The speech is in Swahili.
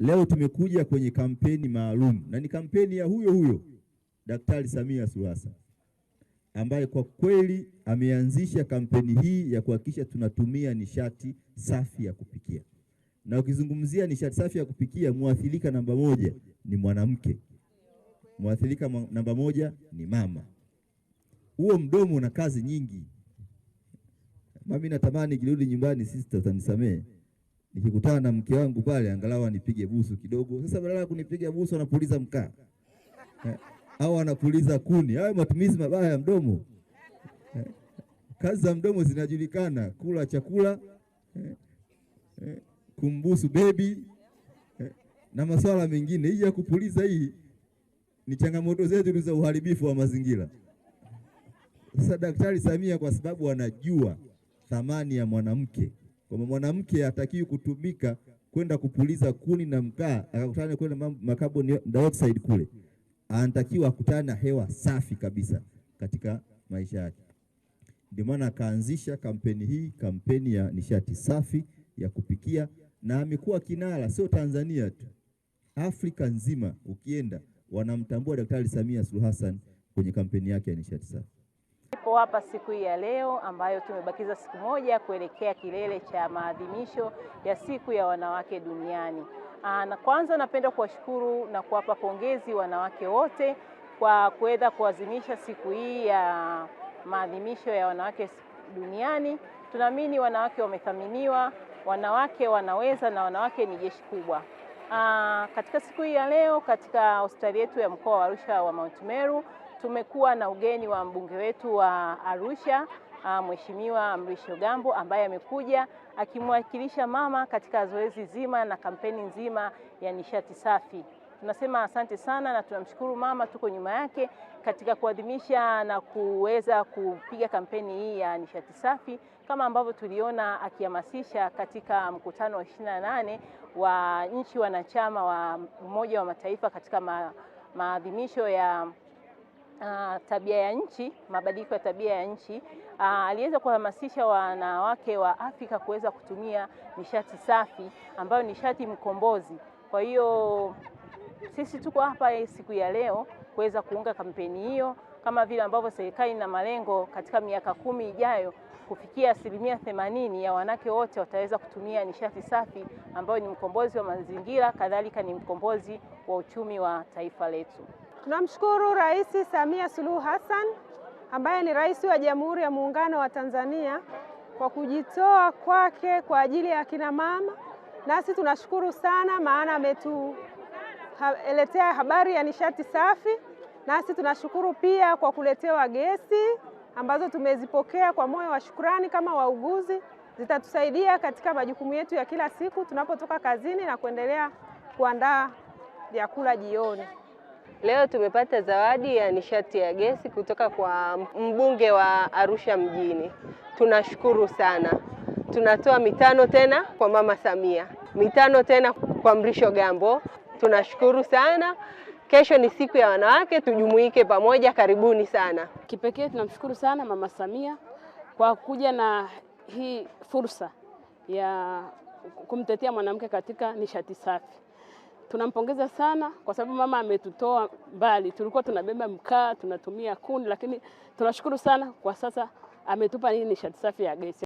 Leo tumekuja kwenye kampeni maalum na ni kampeni ya huyo huyo Daktari Samia Suluhu Hassan ambaye kwa kweli ameanzisha kampeni hii ya kuhakikisha tunatumia nishati safi ya kupikia. Na ukizungumzia nishati safi ya kupikia, mwathirika namba moja ni mwanamke, mwathirika namba moja ni mama. Huo mdomo una kazi nyingi. Mami, natamani kirudi nyumbani, sister, utanisamehe nikikutana na mke wangu pale angalau anipige busu kidogo. Sasa badala ya kunipiga busu anapuliza mkaa eh, au anapuliza kuni. Hayo matumizi mabaya ya mdomo eh, kazi za mdomo zinajulikana: kula chakula eh, eh, kumbusu bebi eh, na masuala mengine. Hii ya kupuliza hii ni changamoto zetu za uharibifu wa mazingira. Sasa Daktari Samia kwa sababu anajua thamani ya mwanamke kwamba mwanamke hatakiwi kutumika kwenda kupuliza kuni na mkaa akakutana kwenda na carbon dioxide kule, anatakiwa akutane na hewa safi kabisa katika maisha yake. Ndio maana akaanzisha kampeni hii, kampeni ya nishati safi ya kupikia, na amekuwa kinara, sio Tanzania tu, Afrika nzima. Ukienda wanamtambua Daktari Samia Suluhu Hassan kwenye kampeni yake ya nishati safi. Tupo hapa siku hii ya leo ambayo tumebakiza siku moja kuelekea kilele cha maadhimisho ya siku ya wanawake duniani. Aa, ah, na kwanza napenda kuwashukuru na kuwapa pongezi wanawake wote kwa kuweza kuadhimisha siku hii ya maadhimisho ya wanawake duniani. Tunaamini wanawake wamethaminiwa, wanawake wanaweza na wanawake ni jeshi kubwa. Aa, ah, katika siku hii ya leo katika hospitali yetu ya mkoa wa Arusha wa Mount Meru Tumekuwa na ugeni wa mbunge wetu wa Arusha ah, Mheshimiwa Mrisho Gambo ambaye amekuja akimwakilisha mama katika zoezi zima na kampeni nzima ya nishati safi. Tunasema asante sana na tunamshukuru mama, tuko nyuma yake katika kuadhimisha na kuweza kupiga kampeni hii ya nishati safi, kama ambavyo tuliona akihamasisha katika mkutano wa 28 wa nchi wanachama wa Umoja wa Mataifa katika ma maadhimisho ya uh, tabia ya nchi, mabadiliko ya tabia ya nchi uh, aliweza kuhamasisha wanawake wa Afrika kuweza kutumia nishati safi ambayo nishati mkombozi. Kwa hiyo sisi tuko hapa siku ya leo kuweza kuunga kampeni hiyo, kama vile ambavyo serikali ina malengo katika miaka kumi ijayo kufikia asilimia themanini ya wanawake wote wataweza kutumia nishati safi ambayo ni mkombozi wa mazingira, kadhalika ni mkombozi wa uchumi wa taifa letu. Tunamshukuru Rais Samia Suluhu Hassan ambaye ni rais wa Jamhuri ya Muungano wa Tanzania kwa kujitoa kwake kwa ajili ya kina mama, nasi tunashukuru sana, maana ametuletea habari ya nishati safi. Nasi tunashukuru pia kwa kuletewa gesi ambazo tumezipokea kwa moyo wa shukrani kama wauguzi, zitatusaidia katika majukumu yetu ya kila siku tunapotoka kazini na kuendelea kuandaa vyakula jioni. Leo tumepata zawadi ya nishati ya gesi kutoka kwa mbunge wa Arusha mjini. Tunashukuru sana. Tunatoa mitano tena kwa Mama Samia, mitano tena kwa Mrisho Gambo. Tunashukuru sana. Kesho ni siku ya wanawake, tujumuike pamoja. Karibuni sana. Kipekee tunamshukuru sana Mama Samia kwa kuja na hii fursa ya kumtetea mwanamke katika nishati safi. Tunampongeza sana kwa sababu mama ametutoa mbali. Tulikuwa tunabeba mkaa, tunatumia kuni, lakini tunashukuru sana kwa sasa ametupa hii nishati safi ya gesi.